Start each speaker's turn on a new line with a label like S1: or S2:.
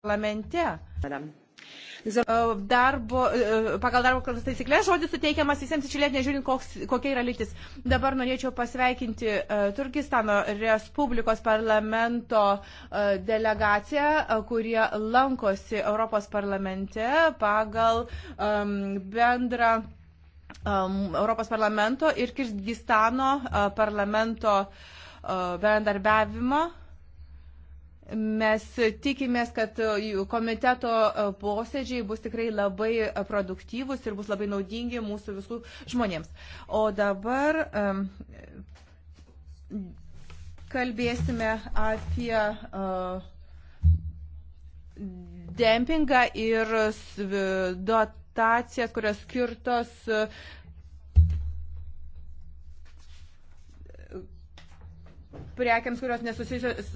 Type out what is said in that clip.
S1: parlamente. Darbo, e, pagal darbo kartas taisyklę žodis suteikiamas visiems išilėt, nežiūrint, koks, kokia yra lytis. Dabar norėčiau pasveikinti uh, Turkistano Respublikos parlamento uh, delegaciją, uh, kurie lankosi Europos parlamente pagal um, bendrą um, Europos parlamento ir Kirgistano uh, parlamento uh, bendarbiavimą. Mes tikimės, kad e, komiteto e, posėdžiai bus tikrai labai e, produktyvus ir bus labai naudingi mūsų visų žmonėms. O dabar kalbėsime apie dempingą ir dotacijas, kurios skirtos
S2: prekiams, kurios nesusijusios